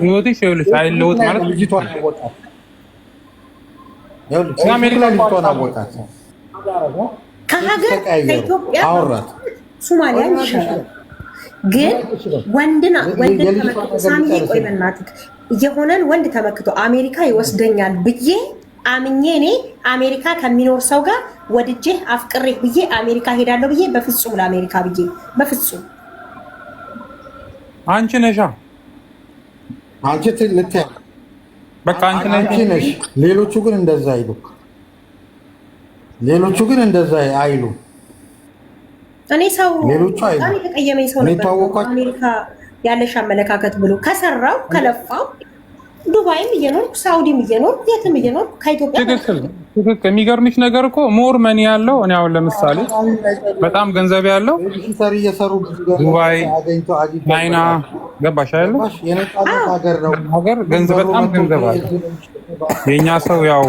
ህይወትሽ ይኸውልሽ አይለወጥ ማለት ልጅቷን አወጣት። ከሀገር ከኢትዮጵያ ይሻላል። ግን ወንድና ወንድ ቆይ በእናትህ የሆነን ወንድ ተመክቶ አሜሪካ ይወስደኛል ብዬ አምኜ እኔ አሜሪካ ከሚኖር ሰው ጋር ወድጄ አፍቅሬ ብዬ አሜሪካ ሄዳለሁ ብዬ በፍጹም ለአሜሪካ ብዬ በፍጹም አንቺ ነሻ አንቺ ልትያ በቃ አንቺ ነሽ። ሌሎቹ ግን እንደዛ አይሉ። ሌሎቹ ግን እንደዛ አይሉ። እኔ ሰው በጣም የተቀየመኝ ሰው ነበር አሜሪካ ያለሽ አመለካከት ብሎ ከሰራው ከለፋው ዱባይም እየኖርኩ ሳውዲም እየኖርኩ የትም እየኖርኩ ከኢትዮጵያ ትክክል ትክክል። የሚገርምሽ ነገር እኮ ሞር መኒ ያለው እኔ አሁን ለምሳሌ በጣም ገንዘብ ያለው ዱባይ፣ ቻይና ገባሽ ያለው ሀገር ገንዘብ በጣም ገንዘብ አለ። የእኛ ሰው ያው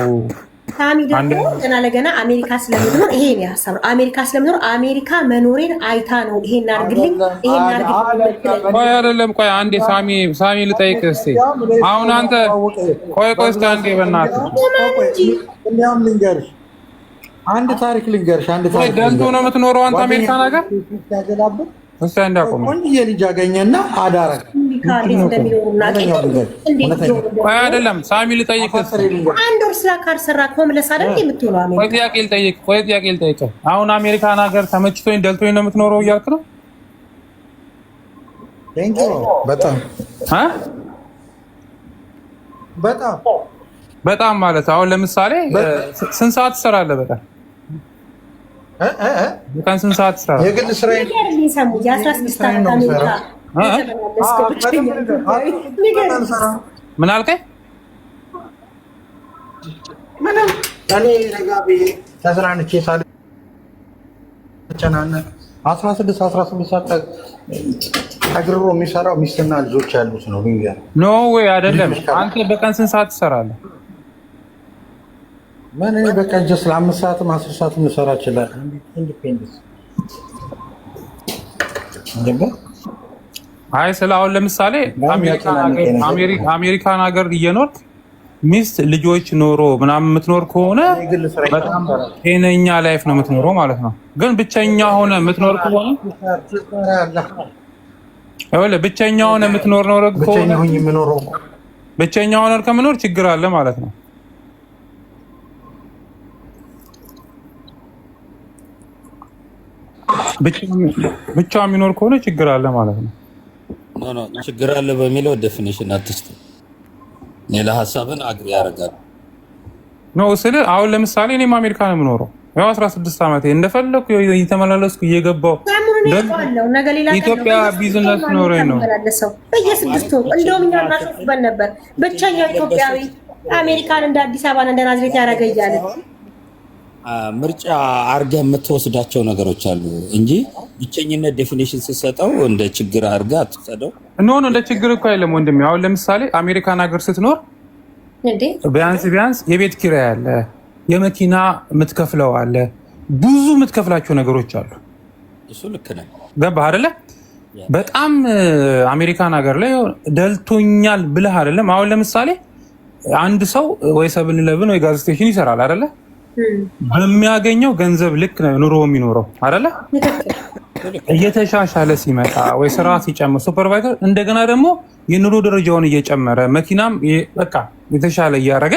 ታሚ ደግሞ ገና ለገና አሜሪካ ስለምኖር ይሄ ነው ሀሳብ አሜሪካ ስለምኖር አሜሪካ መኖሬን አይታ ነው ይሄን አርግልኝ ይሄን አርግልኝ። ቆይ አይደለም፣ ቆይ አንዴ ሳሚ ሳሚ ልጠይቅ እስቲ። አሁን አንተ ቆይ ቆይ እስቲ አንዴ በእናትህ እንዲያውም ልንገርሽ አንድ ታሪክ ልንገርሽ አንድ ታሪክ ደንቶ ነው የምትኖረው አንተ አሜሪካ ነገር ቆንጆዬ ልጅ አገኘና አይደለም ሳሚ ልጠይቅ፣ አንድ ወር ስራ ካልሰራ አይደል ቆይ ጥያቄ ልጠይቅ፣ ቆይ ጥያቄ ልጠይቅ። አሁን አሜሪካን ሀገር ተመችቶኝ ደልቶኝ ነው የምትኖረው እያልክ ነው? በጣም በጣም በጣም ማለት አሁን ለምሳሌ ስንት ሰዓት ትሰራለህ በጣም በቀን ስንት ሰዓት ስራ? የግል ስራ ምን አልከኝ? ምንም እኔ አስራ ስድስት አስራ ስምንት ሰዓት ተግርሮ የሚሰራው ሚስትና ልጆች ያሉት ነው። ኖ ወይ አይደለም። አንተ በቀን ስንት ሰዓት ትሰራለህ? ምን እኔ በቃ ጀስ ለአምስት ሰዓትም አስር ሰዓትም ልሰራ ይችላል። ኢንዲፔንደንስ አይ ስለ አሁን ለምሳሌ አሜሪካን ሀገር እየኖርክ ሚስት ልጆች ኖሮ ምናምን የምትኖር ከሆነ በጣም ጤነኛ ላይፍ ነው የምትኖረው ማለት ነው። ግን ብቸኛ ሆነ የምትኖር ከሆነ ይኸውልህ ብቸኛ ሆነ የምትኖር ኖረ ብቸኛ ሆነ ከምኖር ችግር አለ ማለት ነው። ብቻ የሚኖር ከሆነ ችግር አለ ማለት ነው። ችግር አለ በሚለው ዴፊኒሽን አትስጥ። ሌላ ሀሳብን አግሪ ያደርጋል ነው ስል አሁን ለምሳሌ እኔም አሜሪካ ነው የምኖረው ያው 16 ዓመቴ እንደፈለኩ እየተመላለስኩ እየገባሁ ኢትዮጵያ ቢዝነስ ኖረኝ ነው በየስድስቱ እንደውም እኛ እናሾፍበን ነበር። ብቸኛ ኢትዮጵያዊ አሜሪካን እንደ አዲስ አበባና እንደ ናዝሬት ያደረገ እያለ ምርጫ አድርገህ የምትወስዳቸው ነገሮች አሉ እንጂ ብቸኝነት ዴፊኒሽን ስትሰጠው እንደ ችግር አድርገህ አትወሰደው። እንሆኑ እንደ ችግር እኮ አይለም ወንድሜ። አሁን ለምሳሌ አሜሪካን ሀገር ስትኖር ቢያንስ ቢያንስ የቤት ኪራይ አለ፣ የመኪና የምትከፍለው አለ፣ ብዙ የምትከፍላቸው ነገሮች አሉ። እሱ ልክ ነህ። ገባህ አይደለ? በጣም አሜሪካን ሀገር ላይ ደልቶኛል ብለህ አይደለም። አሁን ለምሳሌ አንድ ሰው ወይ ሰብን ለብን ወይ ጋዝ ስቴሽን ይሰራል አይደለም በሚያገኘው ገንዘብ ልክ ነው ኑሮ የሚኖረው አይደለ? እየተሻሻለ ሲመጣ ወይ ስራ ሲጨምር ሱፐርቫይዘር እንደገና ደግሞ የኑሮ ደረጃውን እየጨመረ መኪናም በቃ የተሻለ እያደረገ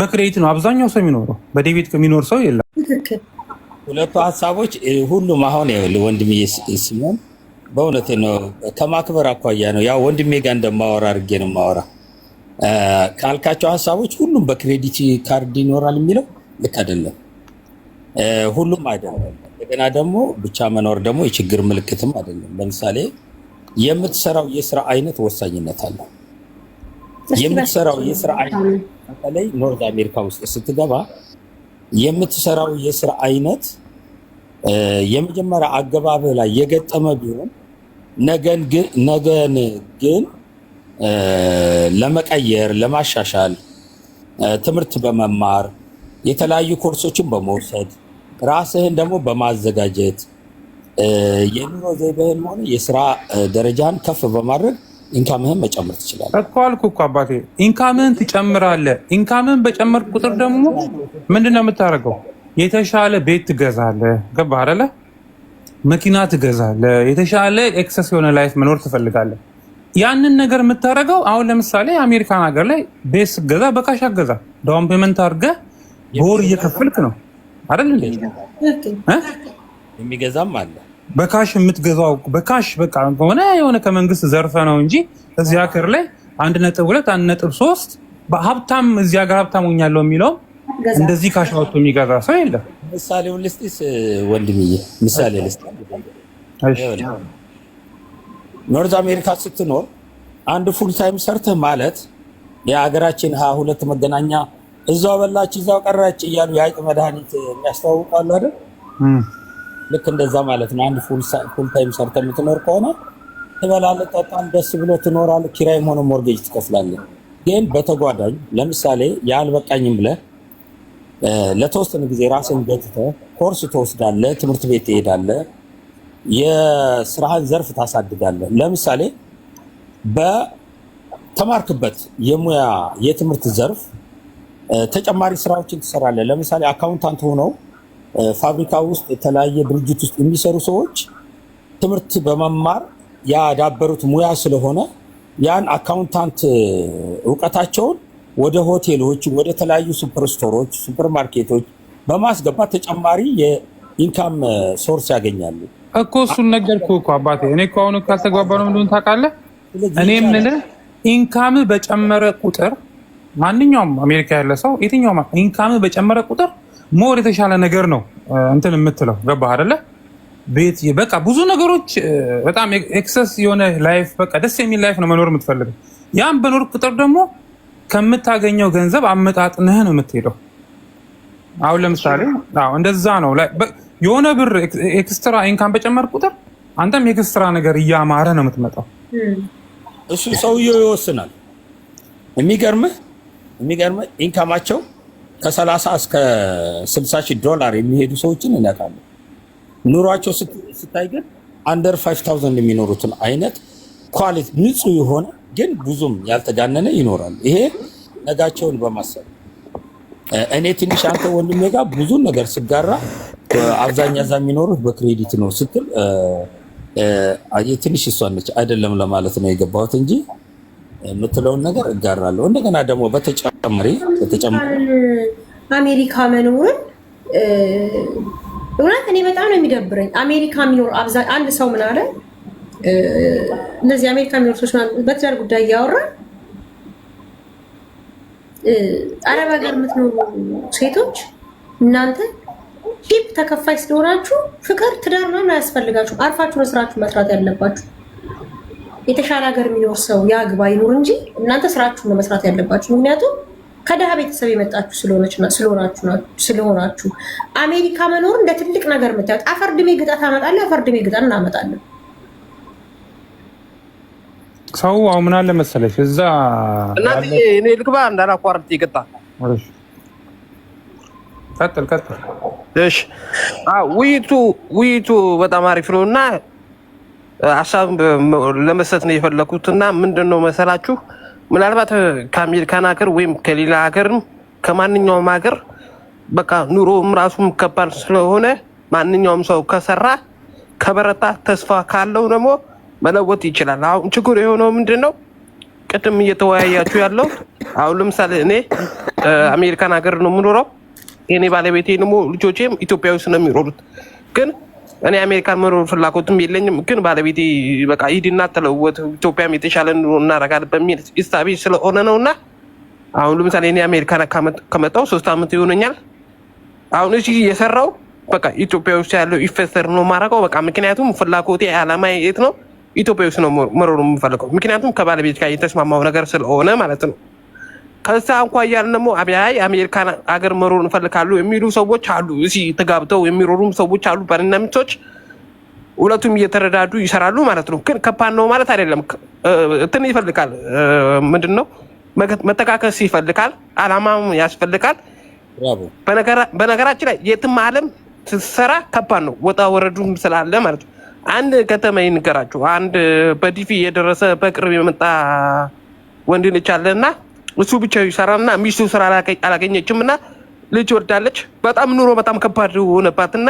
በክሬዲት ነው አብዛኛው ሰው የሚኖረው፣ በዴቢት የሚኖር ሰው የለም። ሁለቱ ሀሳቦች ሁሉም አሁን ወንድሜ ስሞን በእውነት ነው ከማክበር አኳያ ነው ያው ወንድሜ ጋር እንደማወራ አድርጌ ነው ማወራ ካልካቸው ሀሳቦች ሁሉም በክሬዲት ካርድ ይኖራል የሚለው ልክ አይደለም፣ ሁሉም አይደለም። እንደገና ደግሞ ብቻ መኖር ደግሞ የችግር ምልክትም አይደለም። ለምሳሌ የምትሰራው የስራ አይነት ወሳኝነት አለው። የምትሰራው የስራ አይነት በተለይ ኖርዝ አሜሪካ ውስጥ ስትገባ የምትሰራው የስራ አይነት የመጀመሪያ አገባብህ ላይ የገጠመ ቢሆን ነገን ግን ለመቀየር ለማሻሻል ትምህርት በመማር የተለያዩ ኮርሶችን በመውሰድ ራስህን ደግሞ በማዘጋጀት የኑሮ ዘይቤህን ሆነ የስራ ደረጃን ከፍ በማድረግ ኢንካምህን መጨመር ትችላለህ እኮ አልኩህ እኮ አባቴ። ኢንካምህን ትጨምራለህ። ኢንካምህን በጨመር ቁጥር ደግሞ ነው የምታደርገው? የተሻለ ቤት ትገዛለህ። ገባ አይደለ? መኪና ትገዛለህ። የተሻለ ኤክሰስ የሆነ ላይፍ መኖር ትፈልጋለህ። ያንን ነገር የምታደርገው አሁን ለምሳሌ አሜሪካን ሀገር ላይ ቤት ስገዛ በካሽ አገዛ ዳውን ፔመንት አድርገህ በወር እየከፈልክ ነው አይደል? የሚገዛም አለ በካሽ የምትገዛው በካሽ በቃ ከሆነ የሆነ ከመንግስት ዘርፈ ነው እንጂ እዚህ ሀገር ላይ አንድ ነጥብ ሁለት አንድ ነጥብ ሶስት በሀብታም እዚህ ሀገር ሀብታም ሆኛለሁ የሚለውም እንደዚህ ካሽ አውጥቶ የሚገዛ ሰው የለም። ምሳሌውን ልስጥስ ወንድምዬ፣ ምሳሌ ልስጥ። ኖርዝ አሜሪካ ስትኖር አንድ ፉል ታይም ሰርተህ ማለት የሀገራችን ሀያ ሁለት መገናኛ እዛው በላች እዛው ቀራች እያሉ የሀይቅ መድኃኒት የሚያስተዋውቃሉ አይደል? ልክ እንደዛ ማለት ነው። አንድ ፉል ታይም ሰርተ የምትኖር ከሆነ ትበላለህ፣ ጠጣም፣ ደስ ብሎ ትኖራል። ኪራይም ሆነ ሞርጌጅ ትከፍላለህ። ግን በተጓዳኝ ለምሳሌ በቃኝም ብለህ ለተወሰነ ጊዜ ራስን ገትተህ ኮርስ ትወስዳለህ፣ ትምህርት ቤት ትሄዳለ የስራህን ዘርፍ ታሳድጋለ። ለምሳሌ በተማርክበት የሙያ የትምህርት ዘርፍ ተጨማሪ ስራዎችን ትሰራለህ። ለምሳሌ አካውንታንት ሆነው ፋብሪካ ውስጥ የተለያየ ድርጅት ውስጥ የሚሰሩ ሰዎች ትምህርት በመማር ያዳበሩት ሙያ ስለሆነ ያን አካውንታንት እውቀታቸውን ወደ ሆቴሎች፣ ወደ ተለያዩ ሱፐር ስቶሮች፣ ሱፐር ማርኬቶች በማስገባት ተጨማሪ የኢንካም ሶርስ ያገኛሉ እኮ። እሱን ነገርኩህ እኮ አባቴ። እኔ እኮ አሁን ካልተግባባ ነው ምንድን ታውቃለህ፣ እኔ የምልህ ኢንካም በጨመረ ቁጥር ማንኛውም አሜሪካ ያለ ሰው የትኛውም ኢንካም በጨመረ ቁጥር ሞር የተሻለ ነገር ነው እንትን የምትለው ገባህ አይደለ? ቤት በቃ ብዙ ነገሮች በጣም ኤክሰስ የሆነ ላይፍ በቃ ደስ የሚል ላይፍ ነው መኖር የምትፈልገው። ያም በኖር ቁጥር ደግሞ ከምታገኘው ገንዘብ አመጣጥንህ ነው የምትሄደው። አሁን ለምሳሌ እንደዛ ነው የሆነ ብር ኤክስትራ ኢንካም በጨመር ቁጥር አንተም ኤክስትራ ነገር እያማረ ነው የምትመጣው። እሱ ሰውየው ይወስናል። የሚገርምህ የሚገርም ኢንካማቸው ከሰላሳ እስከ ስልሳ ሺህ ዶላር የሚሄዱ ሰዎችን ይነካሉ። ኑሯቸው ስታይ ግን አንደር ፋይቭ ታውዘንድ የሚኖሩትን አይነት ኳሊቲ ንጹህ የሆነ ግን ብዙም ያልተጋነነ ይኖራል። ይሄ ነጋቸውን በማሰብ እኔ ትንሽ አንተ ወንድሜ ጋር ብዙ ነገር ስጋራ አብዛኛ ዛ የሚኖሩት በክሬዲት ነው ስትል ትንሽ እሷ ነች አይደለም ለማለት ነው የገባሁት እንጂ የምትለውን ነገር እጋራለሁ። እንደገና ደግሞ በተጫ ጨምሪ አሜሪካ መኖሩን እውነት እኔ በጣም ነው የሚደብረኝ። አሜሪካ የሚኖር አንድ ሰው ምን አለ፣ እነዚህ አሜሪካ የሚኖር ሰዎች በትዳር ጉዳይ እያወራ አረብ ሀገር የምትኖሩ ሴቶች እናንተ ሂፕ ተከፋይ ስለሆናችሁ ፍቅር ትዳር ምናምን አያስፈልጋችሁ፣ አርፋችሁ ነው ስራችሁ መስራት ያለባችሁ። የተሻለ ሀገር የሚኖር ሰው ያግባ ይኖር እንጂ እናንተ ስራችሁ ነው መስራት ያለባችሁ ምክንያቱም ከድሃ ቤተሰብ የመጣችሁ ስለሆናችሁ አሜሪካ መኖር እንደ ትልቅ ነገር የምታዩት። አፈር ድሜ ግጣ ታመጣለ፣ አፈር ድሜ ግጣ እናመጣለን። ሰው አሁ ምን አለ መሰለሽ፣ እዛ እናትዬ እኔ ልግባ እንዳላቋርጥ ይቅጣ። ቀጥል ቀጥል። እሺ ውይይቱ ውይይቱ በጣም አሪፍ ነው እና ሀሳብ ለመስጠት ነው የፈለኩት እና ምንድን ነው መሰላችሁ ምናልባት ከአሜሪካን ሀገር ወይም ከሌላ ሀገርም ከማንኛውም ሀገር በቃ ኑሮም ራሱም ከባድ ስለሆነ ማንኛውም ሰው ከሰራ ከበረታ ተስፋ ካለው ደግሞ መለወጥ ይችላል። አሁን ችግር የሆነው ምንድን ነው? ቅድም እየተወያያችሁ ያለው አሁን ለምሳሌ እኔ አሜሪካን ሀገር ነው የምኖረው። የኔ ባለቤቴ ደግሞ ልጆቼም ኢትዮጵያዊ ውስጥ ነው የሚኖሩት ግን እኔ አሜሪካን መኖር ፍላጎትም የለኝም፣ ግን ባለቤቴ በቃ ሂድና ተለወት ኢትዮጵያም የተሻለ እናረጋል በሚል ኢስታቢ ስለሆነ ነው እና አሁን ለምሳሌ እኔ አሜሪካን ከመጣው ሶስት ዓመት ይሆነኛል። አሁን እሺ የሰራው በቃ ኢትዮጵያ ውስጥ ያለው ኢንቨስተር ነው ማረገው። በቃ ምክንያቱም ፍላጎቴ አላማ የት ነው ኢትዮጵያ ውስጥ ነው መኖር የምፈልገው፣ ምክንያቱም ከባለቤት ጋር የተስማማው ነገር ስለሆነ ማለት ነው። ከዛ እንኳ አኳያ ደግሞ አብያይ አሜሪካን አገር መሮር እንፈልጋሉ የሚሉ ሰዎች አሉ። እዚ ተጋብተው የሚሮሩም ሰዎች አሉ። ባልና ሚስቶች ሁለቱም እየተረዳዱ ይሰራሉ ማለት ነው። ግን ከባድ ነው ማለት አይደለም። እንትን ይፈልጋል፣ ምንድን ነው መተካከስ ይፈልጋል፣ አላማም ያስፈልጋል። በነገራችን ላይ የትም ዓለም ስትሰራ ከባድ ነው፣ ወጣ ወረዱም ስላለ ማለት ነው። አንድ ከተማ ይንገራችሁ። አንድ በዲቪ የደረሰ በቅርብ የመጣ ወንድን ይቻለና እሱ ብቻ ይሰራልና ሚስቱ ስራ አላገኘችም እና ልጅ ወርዳለች። በጣም ኑሮ በጣም ከባድ ሆነባትና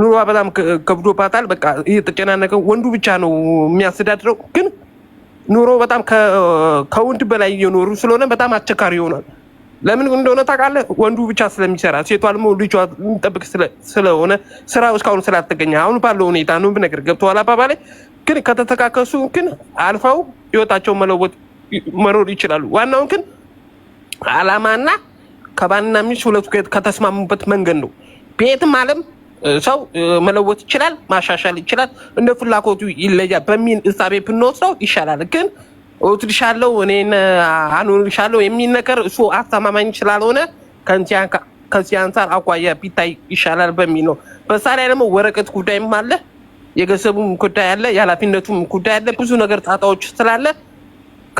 ኑሮ በጣም ከብዶባታል። በቃ እየተጨናነቀ ወንዱ ብቻ ነው የሚያስተዳድረው። ግን ኑሮ በጣም ከወንድ በላይ እየኖሩ ስለሆነ በጣም አስቸጋሪ ይሆናል። ለምን እንደሆነ ታውቃለህ? ወንዱ ብቻ ስለሚሰራ ሴቷ ልሞ ልጇ የሚጠብቅ ስለሆነ ስራ እስካሁን ስላልተገኘ አሁን ባለው ሁኔታ ነው ብነገር ገብተዋል። አባባላይ ግን ከተተካከሱ ግን አልፈው ህይወታቸውን መለወጥ መኖር ይችላሉ። ዋናውን ግን አላማና ከባልና ሚስት ሁለቱ ከተስማሙበት መንገድ ነው። ቤትም አለም ሰው መለወጥ ይችላል፣ ማሻሻል ይችላል፣ እንደ ፍላጎቱ ይለያል በሚል እሳቤ ብንወስደው ይሻላል። ግን እወስድሻለሁ እኔ አኖርሻለሁ የሚል ነገር እሱ አስተማማኝ ስላልሆነ ከዚህ አንጻር አኳያ ቢታይ ይሻላል በሚል ነው። በዛ ላይ ደግሞ ወረቀት ጉዳይም አለ፣ የገንዘቡም ጉዳይ አለ፣ የኃላፊነቱም ጉዳይ አለ። ብዙ ነገር ጣጣዎች ስላለ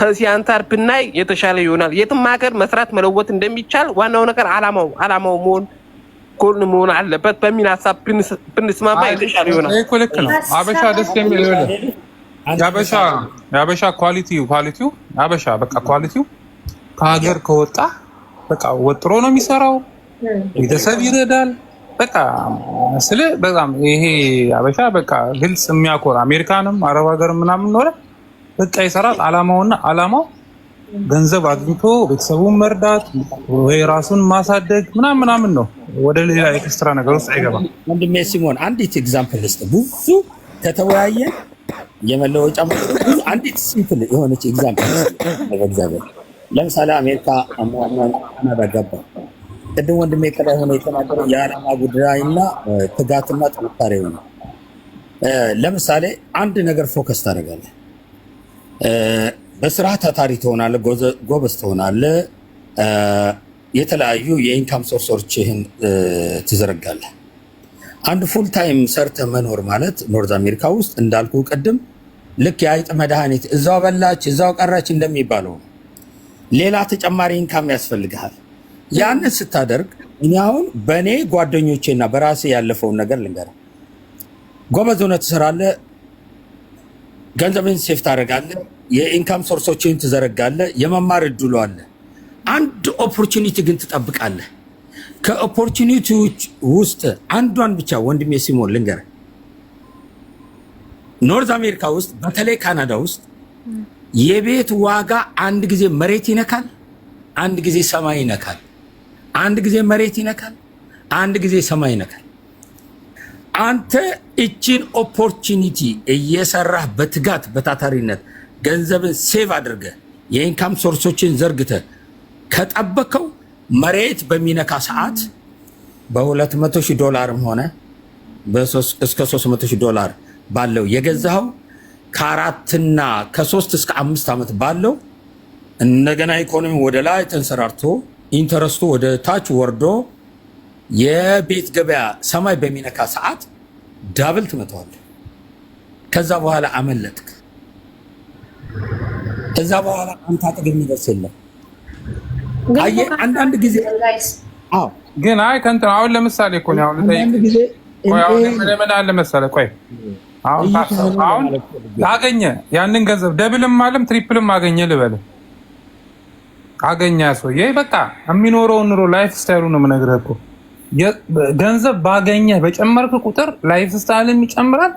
ከዚህ አንጻር ብናይ የተሻለ ይሆናል። የትም ሀገር መስራት መለወጥ እንደሚቻል ዋናው ነገር አላማው አላማው መሆን ጎል መሆን አለበት በሚል ሀሳብ ብንስማማ የተሻለ ይሆናል። ልክ ነው። አበሻ ደስ የሚል የአበሻ ኳሊቲው ኳሊቲው አበሻ በቃ ኳሊቲው ከሀገር ከወጣ በቃ ወጥሮ ነው የሚሰራው። ቤተሰብ ይረዳል። በቃ ስለ በጣም ይሄ አበሻ በቃ ግልጽ የሚያኮር አሜሪካንም አረብ ሀገር ምናምን ኖረ በቃ ይሰራል። አላማውና አላማው ገንዘብ አግኝቶ ቤተሰቡን መርዳት ወይ ራሱን ማሳደግ ምናምን ምናምን ነው። ወደ ሌላ ኤክስትራ ነገር ውስጥ አይገባም። ወንድሜ ሲሞን አንዲት ኤግዛምፕል ስ ብዙ ከተወያየ የመለወጫ አንዲት ሲምፕል የሆነች ኤግዛምፕል እግዚአብሔር ለምሳሌ አሜሪካ ካናዳ ገባ። ቅድም ወንድሜ ከላይ ሆነ የተናገረው የዓላማ ጉዳይና ትጋትና ጥንካሬ ሆነ። ለምሳሌ አንድ ነገር ፎከስ ታደርጋለህ በስራ ታታሪ ትሆናለህ፣ ጎበዝ ተሆናለ የተለያዩ የኢንካም ሶርሶችህን ትዘረጋለ። አንድ ፉል ታይም ሰርተ መኖር ማለት ኖርዝ አሜሪካ ውስጥ እንዳልኩ ቅድም ልክ የአይጥ መድኃኒት እዛው በላች እዛው ቀረች እንደሚባለው ነው። ሌላ ተጨማሪ ኢንካም ያስፈልግሃል። ያንን ስታደርግ እኔ አሁን በእኔ ጓደኞቼና በራሴ ያለፈውን ነገር ልንገርህ። ጎበዝ ሆነ ትሰራለህ ገንዘብን ሴፍ ታደረጋለ የኢንካም ሶርሶችን ትዘረጋለ የመማር እድሉ አለ። አንድ ኦፖርቹኒቲ ግን ትጠብቃለህ። ከኦፖርቹኒቲዎች ውስጥ አንዷን ብቻ ወንድሜ ሲሞን ልንገርህ፣ ኖርዝ አሜሪካ ውስጥ በተለይ ካናዳ ውስጥ የቤት ዋጋ አንድ ጊዜ መሬት ይነካል፣ አንድ ጊዜ ሰማይ ይነካል፣ አንድ ጊዜ መሬት ይነካል፣ አንድ ጊዜ ሰማይ ይነካል። አንተ እችን ኦፖርቹኒቲ እየሰራህ በትጋት በታታሪነት ገንዘብን ሴቭ አድርገ የኢንካም ሶርሶችን ዘርግተ ከጠበቀው መሬት በሚነካ ሰዓት በ200 ዶላርም ሆነ እስከ 300 ዶላር ባለው የገዛኸው ከአራትና ከሶስት እስከ አምስት ዓመት ባለው እንደገና ኢኮኖሚ ወደ ላይ ተንሰራርቶ ኢንተረስቱ ወደ ታች ወርዶ የቤት ገበያ ሰማይ በሚነካ ሰዓት ዳብል ትመታዋለህ። ከዛ በኋላ አመለጥክ። ከዛ በኋላ አንተ አጠገብ የሚደርስ የለም። አየህ አንዳንድ ጊዜ ግን አይ ከእንትን አሁን ለምሳሌ እኮ ነው አለ መሰለህ። ቆይ አሁን አገኘ ያንን ገንዘብ ደብልም አለም ትሪፕልም አገኘ ልበልህ አገኛ ሰውዬ በቃ የሚኖረውን ኑሮ ላይፍ ስታይሉ ነው የምነግርህ እኮ ገንዘብ ባገኘ በጨመርክ ቁጥር ላይፍ ስታይልም ይጨምራል።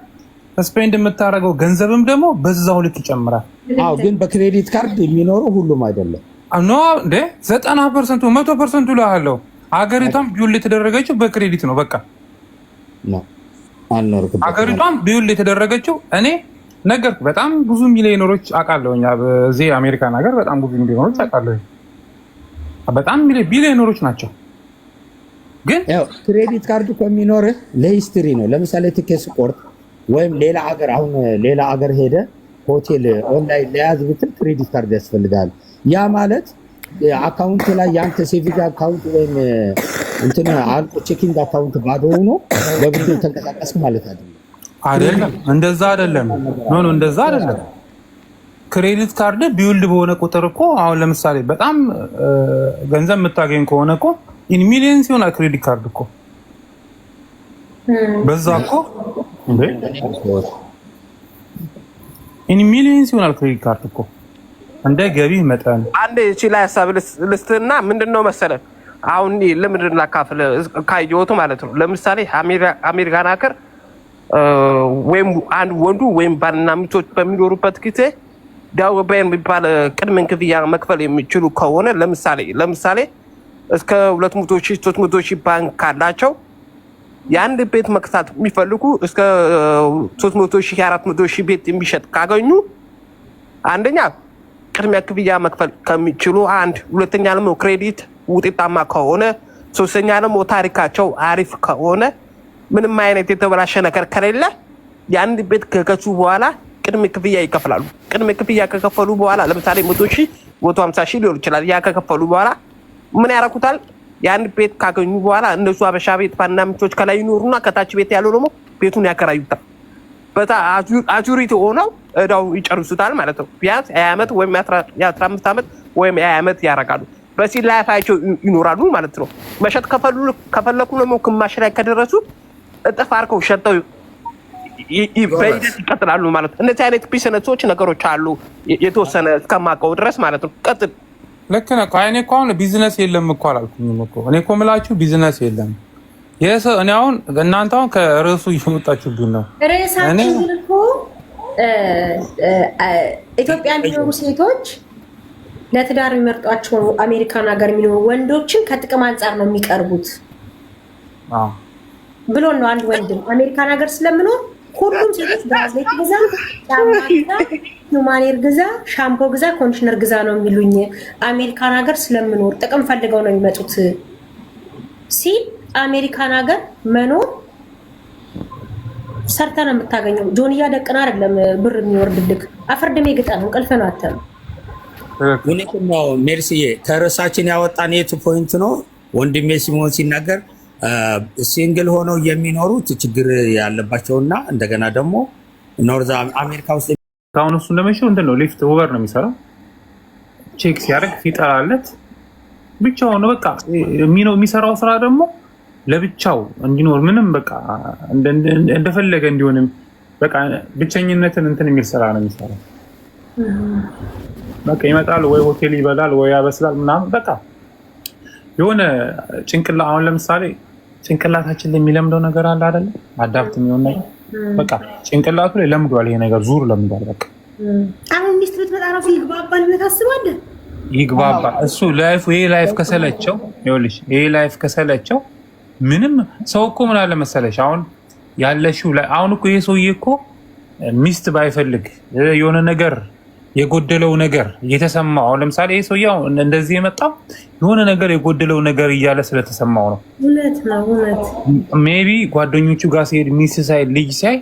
ስፔንድ የምታደርገው ገንዘብም ደግሞ በዛው ልክ ይጨምራል። አዎ፣ ግን በክሬዲት ካርድ የሚኖረው ሁሉም አይደለም። ኖ እንደ ዘጠና ፐርሰንቱ መቶ ፐርሰንቱ ላለው ሀገሪቷም ቢውል የተደረገችው በክሬዲት ነው። በቃ ሀገሪቷም ቢውል የተደረገችው እኔ ነገር በጣም ብዙ ሚሊዮነሮች አውቃለሁኝ። በዚህ አሜሪካን ሀገር በጣም ብዙ ሚሊዮነሮች አውቃለሁ በጣም ሚሊዮነሮች ናቸው። ግን ክሬዲት እኮ ከሚኖርህ ለሂስትሪ ነው። ለምሳሌ ትኬት ስቆርጥ ወይም ሌላ ሀገር አሁን ሌላ ሀገር ሄደ ሆቴል ኦንላይን ለያዝ ብትል ክሬዲት ካርድ ያስፈልጋል። ያ ማለት አካውንት ላይ የአንተ ሴቪንግ አካውንት ወይም እንትን አልቆ ቼኪንግ አካውንት ባዶ ሆኖ በብድ ተንቀሳቀስ ማለት አይደለም። አይደለም፣ እንደዛ አይደለም። ኖ ኖ፣ እንደዛ አይደለም። ክሬዲት ካርድ ቢውልድ በሆነ ቁጥር እኮ አሁን ለምሳሌ በጣም ገንዘብ የምታገኝ ከሆነ እኮ ኢን ሚሊየንስ ሲሆን ክሬዲት ካርድ እኮ hmm. በዛ እኮ ኢን ሚሊየንስ ሲሆን ክሬዲት ካርድ እኮ እንደ ገቢ መጠን አንዴ እቺ ላይ ሀሳብ ልስትና ምንድነው መሰለ አሁን ለምንድን ላካፍል ካየወቱ ማለት ነው። ለምሳሌ አሜሪካን ሀገር ወይም አንድ ወንዱ ወይም ባልና ሚስቶች በሚኖሩበት ጊዜ ዳው በይን የሚባል ቅድመ ክፍያ መክፈል የሚችሉ ከሆነ ለምሳሌ ለምሳሌ እስከ ሁለት ሺህ ሶስት ሺህ ባንክ ካላቸው የአንድ ቤት መቅሳት የሚፈልጉ እስከ ሶስት ሺህ አራት ሺህ ቤት የሚሸጥ ካገኙ አንደኛ ቅድሚያ ክፍያ መክፈል ከሚችሉ አንድ፣ ሁለተኛ ደግሞ ክሬዲት ውጤታማ ከሆነ፣ ሶስተኛ ደግሞ ታሪካቸው አሪፍ ከሆነ፣ ምንም አይነት የተበላሸ ነገር ከሌለ የአንድ ቤት ከገዙ በኋላ ቅድመ ክፍያ ይከፍላሉ። ቅድመ ክፍያ ከከፈሉ በኋላ ለምሳሌ መቶ ሺህ መቶ ሀምሳ ሺህ ሊሆን ይችላል። ያ ከከፈሉ በኋላ ምን ያረኩታል? የአንድ ቤት ካገኙ በኋላ እነሱ አበሻ ቤት ፋና ምቾች ከላይ ይኖሩና ከታች ቤት ያለው ደግሞ ቤቱን ያከራዩታል። በታ አጁሪቲ ሆነው እዳው ይጨርሱታል ማለት ነው። ቢያንስ ሀያ ዓመት ወይም የአስራ አምስት ዓመት ወይም የሀያ ዓመት ያረጋሉ። በሲል ላይፋቸው ይኖራሉ ማለት ነው። መሸጥ ከፈለኩ ደግሞ ግማሽ ላይ ከደረሱ እጥፍ አርከው ሸጠው በሂደት ይቀጥላሉ ማለት ነው። እነዚህ አይነት ቢዝነሶች ነገሮች አሉ የተወሰነ እስከማውቀው ድረስ ማለት ነው። ቀጥል ልክ ነህ እኔ እኮ አሁን ቢዝነስ የለም እኮ አላልኩኝም እኮ እኔ እኮ የምላችሁ ቢዝነስ የለም። የሰ እኔ አሁን እናንተ አሁን ከርዕሱ እየወጣችሁብኝ ነው። ርዕሳችን እኮ ኢትዮጵያ የሚኖሩ ሴቶች ለትዳር የሚመርጧቸው አሜሪካን ሀገር የሚኖሩ ወንዶችን ከጥቅም አንጻር ነው የሚቀርቡት ብሎን ነው አንድ ወንድም አሜሪካን ሀገር ስለምኖር ሁሉም ሴቶች ብራዝሌት ግዛ፣ ሂውማኔር ግዛ፣ ሻምፖ ግዛ፣ ኮንዲሽነር ግዛ ነው የሚሉኝ። አሜሪካን ሀገር ስለምኖር ጥቅም ፈልገው ነው የሚመጡት ሲል አሜሪካን ሀገር መኖር ሰርተ ነው የምታገኘው። ጆንያ ደቅን አይደለም ብር የሚወርድልክ። አፈርድሜ ግጠም እንቅልፍን ነው እውነት ነው። ሜርሲዬ ተረሳችን ያወጣን የት ፖይንት ነው ወንድሜ ሲሞን ሲናገር ሲንግል ሆነው የሚኖሩት ችግር ያለባቸውና እንደገና ደግሞ ኖርዝ አሜሪካ ውስጥ አሁን እሱ እንደመሸው እንትን ነው ሊፍት ውበር ነው የሚሰራው። ቼክ ሲያደርግ ይጠራለት ብቻው ነው በቃ የሚሰራው ስራ ደግሞ ለብቻው እንዲኖር ምንም በቃ እንደፈለገ እንዲሆንም በቃ ብቸኝነትን እንትን የሚል ስራ ነው የሚሰራው። በቃ ይመጣል ወይ ሆቴል ይበላል ወይ ያበስላል ምናምን በቃ የሆነ ጭንቅላ አሁን ለምሳሌ ጭንቅላታችን ላይ የሚለምደው ነገር አለ አይደለ? አዳብት የሚሆን ነገር በቃ ጭንቅላቱ ላይ ለምዷል። ይሄ ነገር ዙር ለምዷል። በቃ አሁን ሚስት ብትመጣ ራሱ ይግባባል ታስባለህ? ይግባባል። እሱ ላይፍ ይሄ ላይፍ ከሰለቸው ይኸውልሽ፣ ይሄ ላይፍ ከሰለቸው ምንም ሰው እኮ ምን አለ መሰለሽ፣ አሁን ያለሽው አሁን እኮ ይሄ ሰውዬ እኮ ሚስት ባይፈልግ የሆነ ነገር የጎደለው ነገር እየተሰማው አሁን ለምሳሌ ይህ ሰውዬው እንደዚህ የመጣው የሆነ ነገር የጎደለው ነገር እያለ ስለተሰማው ነው። ሜቢ ጓደኞቹ ጋር ሲሄድ ሚስ ሳይ ልጅ ሳይ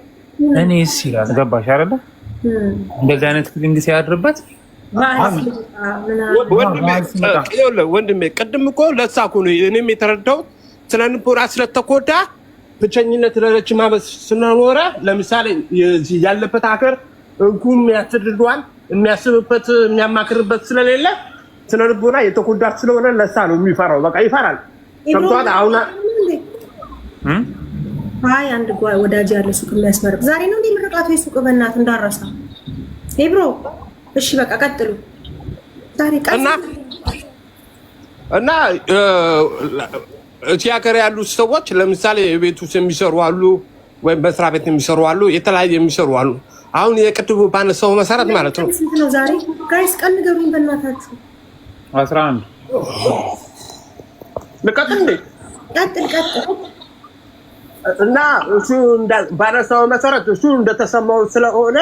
እኔስ ይላል። ገባሽ አይደለ? እንደዚህ አይነት ፊሊንግ ሲያድርበት ወንድሜ፣ ቅድም እኮ ለሳ እኮ ነው እኔም የተረዳው ስለ ንቦራ ስለተጎዳ ብቸኝነት ለረች ማበስ ስለኖረ ለምሳሌ ያለበት ሀገር እንኩም ያስድዷል። የሚያስብበት የሚያማክርበት ስለሌለ ስነ ልቦና የተጎዳት ስለሆነ ለሳ ነው የሚፈራው። በቃ ይፈራል። ሰምቷል። አሁን አይ አንድ ጓይ ወዳጅ ያለ ሱቅ የሚያስመርቅ ዛሬ ነው እንዴ ምርቃቱ? የሱቅ በእናት እንዳረሳ ብሮ። እሺ በቃ ቀጥሉ። ዛሬ ቀና እና እዚህ ሀገር ያሉ ሰዎች ለምሳሌ ቤት ውስጥ የሚሰሩ አሉ፣ ወይም በስራ ቤት የሚሰሩ አሉ፣ የተለያየ የሚሰሩ አሉ አሁን የቅድቡ ባነሳው መሰረት ማለት ነው። ስንት ነው ዛሬ? ጋይስ ቀን ንገሩኝ በእናታችሁ። አስራ አንድ ልቀጥል እንዴ? ቀጥል ቀጥል። እና እሱ ባነሳው መሰረት እሱ እንደተሰማው ስለሆነ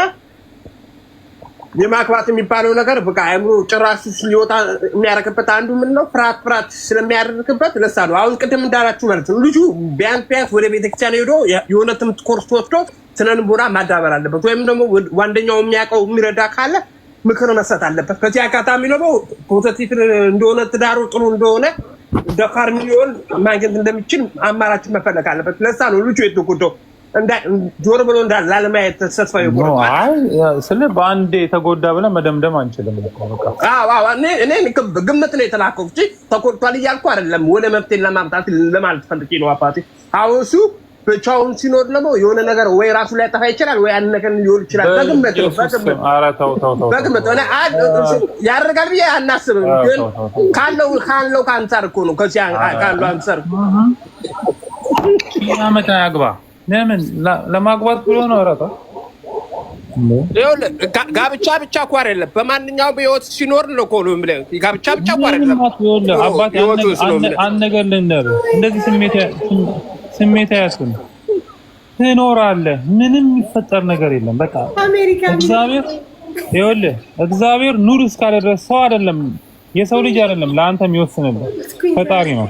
የማክባት የሚባለው ነገር በቃ አይምሮ ጭራሽ ሊወጣ የሚያደርግበት አንዱ ምን ነው ፍርሃት ፍርሃት ስለሚያደርግበት ለሳ ነው። አሁን ቅድም እንዳላችሁ ማለት ነው ልጁ ቢያንስ ቢያንስ ወደ ቤተክርስቲያን ሄዶ የሆነ ትምህርት ኮርስ ወስዶ ስነልቦና ማዳበር አለበት። ወይም ደግሞ ዋንደኛው የሚያውቀው የሚረዳ ካለ ምክር መሰት አለበት። ከዚህ አጋጣሚ ደግሞ ፖዘቲቭ እንደሆነ ትዳሩ ጥሩ እንደሆነ ደፋር ሚሊዮን ማግኘት እንደሚችል አማራጭ መፈለግ አለበት። ለሳ ነው ልጁ የተጎዳው። ጆሮ ብሎ ላለማየት ተስፋ የተጎዳ ብለን መደምደም አንችልም። እኔ ግምት ነው የተላከው እ ተቆርቷል እያልኩ አይደለም። ወደ መፍትሄ ለማምጣት ለማለት ፈልጌ ነው። አባቴ አሁን እሱ ብቻውን ሲኖር ደግሞ የሆነ ነገር ወይ ራሱ ላይ ጠፋ ይችላል ወይ አንድ ነገር ሊሆን ይችላል። በግምት በግምት ያደርጋል ብዬ አናስብም። ግን ካለው ካለው እኮ ነው ካለው ለምን ለማግባት ብሎ ነው? ኧረ ጋብቻ ብቻ እኮ አይደለም። በማንኛውም ህይወት ሲኖር ነው እኮ ጋብቻ ብቻ እኮ አይደለም። አባት አንድ ነገር ልንገርህ፣ እንደዚህ ስሜት አያስኩን ትኖራለህ። ምንም የሚፈጠር ነገር የለም። በቃ እግዚአብሔር ይኸውልህ፣ እግዚአብሔር ኑር እስካለ ድረስ ሰው አይደለም፣ የሰው ልጅ አይደለም ለአንተ የሚወስንልህ ፈጣሪ ነው።